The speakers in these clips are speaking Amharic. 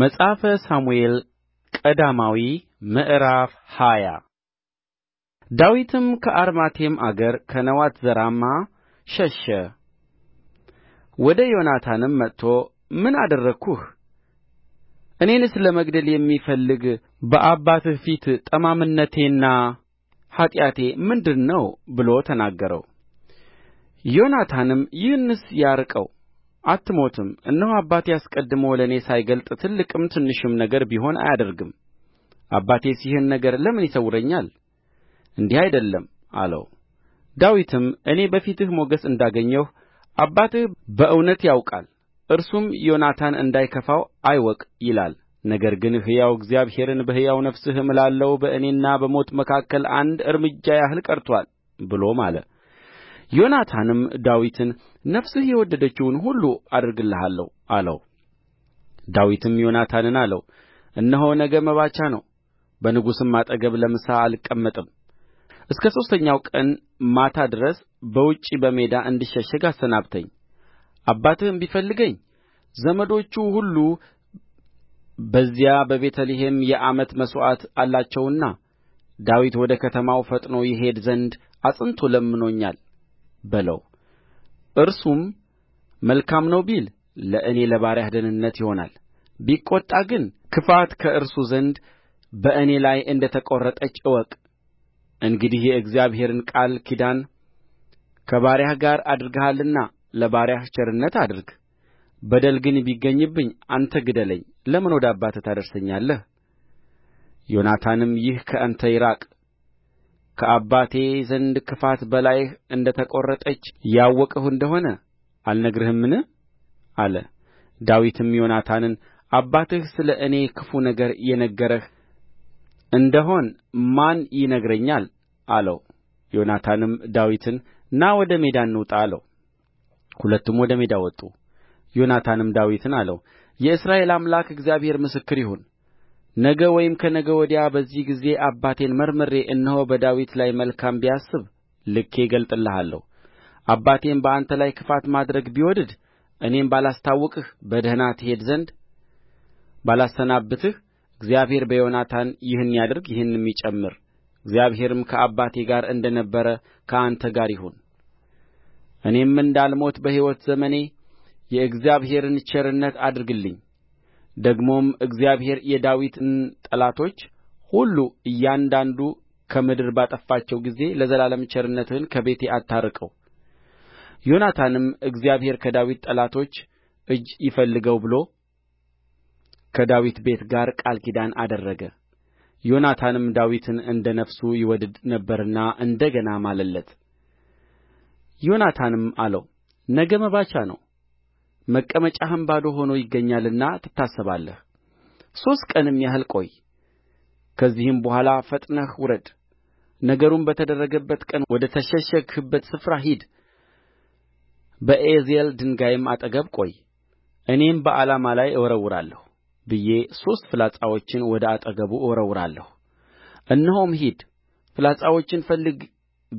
መጽሐፈ ሳሙኤል ቀዳማዊ ምዕራፍ ሃያ ዳዊትም ከአርማቴም አገር ከነዋትዘራማ ሸሸ። ወደ ዮናታንም መጥቶ ምን አደረግሁህ? እኔንስ ለመግደል የሚፈልግ በአባትህ ፊት ጠማምነቴና ኃጢአቴ ምንድር ነው ብሎ ተናገረው። ዮናታንም ይህንስ ያርቀው አትሞትም እነሆ አባቴ አስቀድሞ ለእኔ ሳይገልጥ ትልቅም ትንሽም ነገር ቢሆን አያደርግም አባቴስ ይህን ነገር ለምን ይሰውረኛል እንዲህ አይደለም አለው ዳዊትም እኔ በፊትህ ሞገስ እንዳገኘሁ አባትህ በእውነት ያውቃል እርሱም ዮናታን እንዳይከፋው አይወቅ ይላል ነገር ግን ሕያው እግዚአብሔርን በሕያው ነፍስህ እምላለሁ በእኔና በሞት መካከል አንድ እርምጃ ያህል ቀርቶአል ብሎ ማለ ዮናታንም ዳዊትን ነፍስህ የወደደችውን ሁሉ አደርግልሃለሁ አለው ዳዊትም ዮናታንን አለው እነሆ ነገ መባቻ ነው በንጉሥም አጠገብ ለምሳ አልቀመጥም እስከ ሦስተኛው ቀን ማታ ድረስ በውጭ በሜዳ እንድሸሸግ አሰናብተኝ አባትህም ቢፈልገኝ ዘመዶቹ ሁሉ በዚያ በቤተ ልሔም የዓመት መሥዋዕት አላቸውና ዳዊት ወደ ከተማው ፈጥኖ ይሄድ ዘንድ አጽንቶ ለምኖኛል በለው እርሱም መልካም ነው ቢል ለእኔ ለባሪያህ ደኅንነት ይሆናል ቢቈጣ ግን ክፋት ከእርሱ ዘንድ በእኔ ላይ እንደ ተቈረጠች እወቅ እንግዲህ የእግዚአብሔርን ቃል ኪዳን ከባሪያህ ጋር አድርገሃልና ለባሪያህ ቸርነት አድርግ በደል ግን ቢገኝብኝ አንተ ግደለኝ ለምን ወደ አባትህ ታደርሰኛለህ ዮናታንም ይህ ከአንተ ይራቅ ከአባቴ ዘንድ ክፋት በላይህ እንደ ተቈረጠች ያወቅሁ እንደ ሆነ አልነግርህምን አለ ዳዊትም ዮናታንን አባትህ ስለ እኔ ክፉ ነገር የነገረህ እንደ ሆን ማን ይነግረኛል አለው ዮናታንም ዳዊትን ና ወደ ሜዳ እንውጣ አለው ሁለቱም ወደ ሜዳ ወጡ ዮናታንም ዳዊትን አለው የእስራኤል አምላክ እግዚአብሔር ምስክር ይሁን ነገ ወይም ከነገ ወዲያ በዚህ ጊዜ አባቴን መርምሬ እነሆ በዳዊት ላይ መልካም ቢያስብ ልኬ እገልጥልሃለሁ አባቴም በአንተ ላይ ክፋት ማድረግ ቢወድድ እኔም ባላስታውቅህ በደኅና ትሄድ ዘንድ ባላሰናብትህ እግዚአብሔር በዮናታን ይህን ያድርግ ይህንም ይጨምር እግዚአብሔርም ከአባቴ ጋር እንደ ነበረ ከአንተ ጋር ይሁን እኔም እንዳልሞት በሕይወት ዘመኔ የእግዚአብሔርን ቸርነት አድርግልኝ ደግሞም እግዚአብሔር የዳዊትን ጠላቶች ሁሉ እያንዳንዱ ከምድር ባጠፋቸው ጊዜ ለዘላለም ቸርነትህን ከቤቴ አታርቀው ዮናታንም እግዚአብሔር ከዳዊት ጠላቶች እጅ ይፈልገው ብሎ ከዳዊት ቤት ጋር ቃል ኪዳን አደረገ። ዮናታንም ዳዊትን እንደ ነፍሱ ይወድድ ነበርና እንደ ገና ማለለት። ዮናታንም አለው ነገ መባቻ ነው፣ መቀመጫህም ባዶ ሆኖ ይገኛልና ትታሰባለህ ሦስት ቀንም ያህል ቆይ ከዚህም በኋላ ፈጥነህ ውረድ ነገሩም በተደረገበት ቀን ወደ ተሸሸግህበት ስፍራ ሂድ በኤዜል ድንጋይም አጠገብ ቆይ እኔም በዓላማ ላይ እወረውራለሁ ብዬ ሦስት ፍላጻዎችን ወደ አጠገቡ እወረውራለሁ እነሆም ሂድ ፍላጻዎችን ፈልግ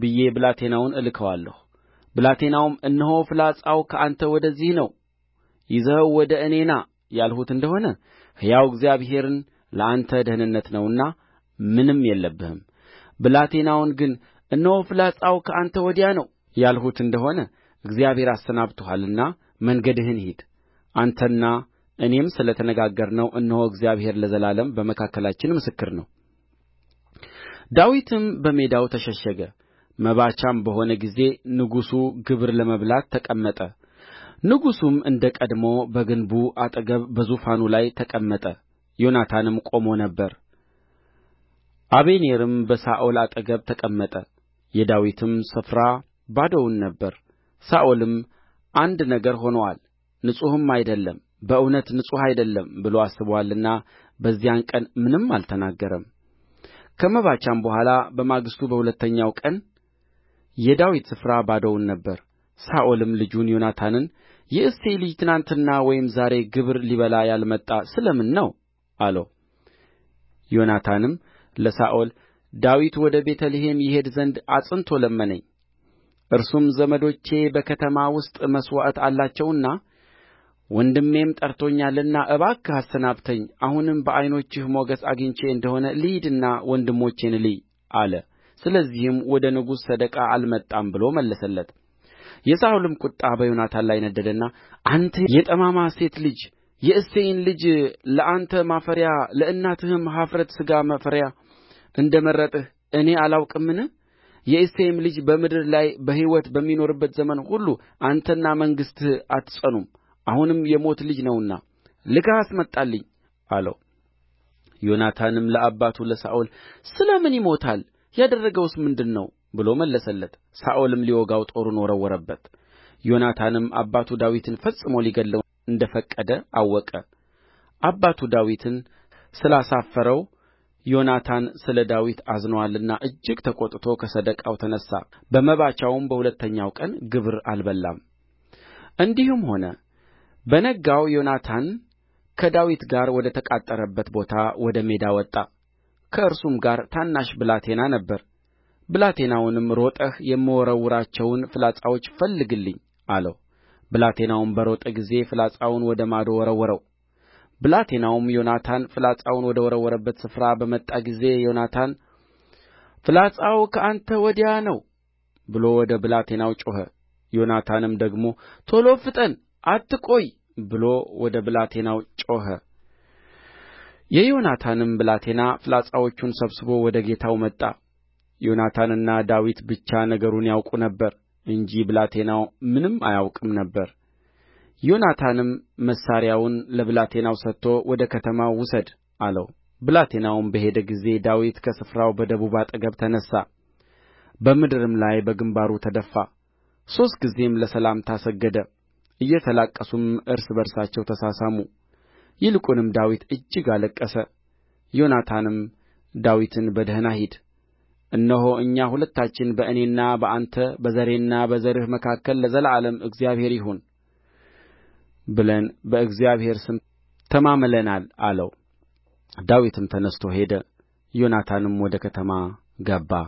ብዬ ብላቴናውን እልከዋለሁ ብላቴናውም እነሆ ፍላጻው ከአንተ ወደዚህ ነው ይዘኸው ወደ እኔ ና ያልሁት እንደ ሆነ ሕያው እግዚአብሔርን ለአንተ ደኅንነት ነውና ምንም የለብህም ብላቴናውን ግን እነሆ ፍላጻው ከአንተ ወዲያ ነው ያልሁት እንደ ሆነ እግዚአብሔር አሰናብቶሃልና መንገድህን ሂድ አንተና እኔም ስለ ተነጋገርነው እነሆ እግዚአብሔር ለዘላለም በመካከላችን ምስክር ነው። ዳዊትም በሜዳው ተሸሸገ። መባቻም በሆነ ጊዜ ንጉሡ ግብር ለመብላት ተቀመጠ። ንጉሡም እንደ ቀድሞ በግንቡ አጠገብ በዙፋኑ ላይ ተቀመጠ ዮናታንም ቆሞ ነበር አበኔርም በሳኦል አጠገብ ተቀመጠ የዳዊትም ስፍራ ባዶውን ነበረ ሳኦልም አንድ ነገር ሆኖአል ንጹሕም አይደለም በእውነት ንጹሕ አይደለም ብሎ አስቦአልና በዚያን ቀን ምንም አልተናገረም ከመባቻም በኋላ በማግስቱ በሁለተኛው ቀን የዳዊት ስፍራ ባዶውን ነበረ ሳኦልም ልጁን ዮናታንን የእሴይ ልጅ ትናንትና ወይም ዛሬ ግብር ሊበላ ያልመጣ ስለ ምን ነው አለው ዮናታንም ለሳኦል ዳዊት ወደ ቤተ ልሔም ይሄድ ዘንድ አጽንቶ ለመነኝ እርሱም ዘመዶቼ በከተማ ውስጥ መሥዋዕት አላቸውና ወንድሜም ጠርቶኛልና እባክህ አሰናብተኝ አሁንም በዓይኖችህ ሞገስ አግኝቼ እንደሆነ ልሂድና ወንድሞቼን ልይ አለ ስለዚህም ወደ ንጉሡ ሰደቃ አልመጣም ብሎ መለሰለት የሳኦልም ቍጣ በዮናታን ላይ ነደደና አንተ የጠማማ ሴት ልጅ የእሴይን ልጅ ለአንተ ማፈርያ ለእናትህም ኀፍረተ ሥጋ ማፈርያ እንደ መረጥህ እኔ አላውቅምን የእሴይም ልጅ በምድር ላይ በሕይወት በሚኖርበት ዘመን ሁሉ አንተና መንግሥትህ አትጸኑም አሁንም የሞት ልጅ ነውና ልከህ አስመጣልኝ አለው ዮናታንም ለአባቱ ለሳኦል ስለ ምን ይሞታል ያደረገውስ ምንድር ነው ብሎ መለሰለት ሳኦልም ሊወጋው ጦሩን ወረወረበት ዮናታንም አባቱ ዳዊትን ፈጽሞ ሊገድለው እንደ ፈቀደ አወቀ አባቱ ዳዊትን ስላሳፈረው ዮናታን ስለ ዳዊት አዝኖአልና እጅግ ተቈጥቶ ከሰደቃው ተነሣ በመባቻውም በሁለተኛው ቀን ግብር አልበላም እንዲህም ሆነ በነጋው ዮናታን ከዳዊት ጋር ወደ ተቃጠረበት ቦታ ወደ ሜዳ ወጣ ከእርሱም ጋር ታናሽ ብላቴና ነበረ ብላቴናውንም ሮጠህ የምወረውራቸውን ፍላጻዎች ፈልግልኝ አለው ብላቴናውም በሮጠ ጊዜ ፍላጻውን ወደ ማዶ ወረወረው ብላቴናውም ዮናታን ፍላጻውን ወደ ወረወረበት ስፍራ በመጣ ጊዜ ዮናታን ፍላጻው ከአንተ ወዲያ ነው ብሎ ወደ ብላቴናው ጮኸ ዮናታንም ደግሞ ቶሎ ፍጠን አትቆይ ብሎ ወደ ብላቴናው ጮኸ የዮናታንም ብላቴና ፍላጻዎቹን ሰብስቦ ወደ ጌታው መጣ ዮናታንና ዳዊት ብቻ ነገሩን ያውቁ ነበር እንጂ ብላቴናው ምንም አያውቅም ነበር ዮናታንም መሣርያውን ለብላቴናው ሰጥቶ ወደ ከተማው ውሰድ አለው ብላቴናውም በሄደ ጊዜ ዳዊት ከስፍራው በደቡብ አጠገብ ተነሣ በምድርም ላይ በግምባሩ ተደፋ ሦስት ጊዜም ለሰላምታ ሰገደ እየተላቀሱም እርስ በርሳቸው ተሳሳሙ ይልቁንም ዳዊት እጅግ አለቀሰ ዮናታንም ዳዊትን በደኅና ሂድ እነሆ እኛ ሁለታችን በእኔና በአንተ በዘሬና በዘርህ መካከል ለዘላለም እግዚአብሔር ይሁን ብለን በእግዚአብሔር ስም ተማምለናል አለው ዳዊትም ተነሥቶ ሄደ ዮናታንም ወደ ከተማ ገባ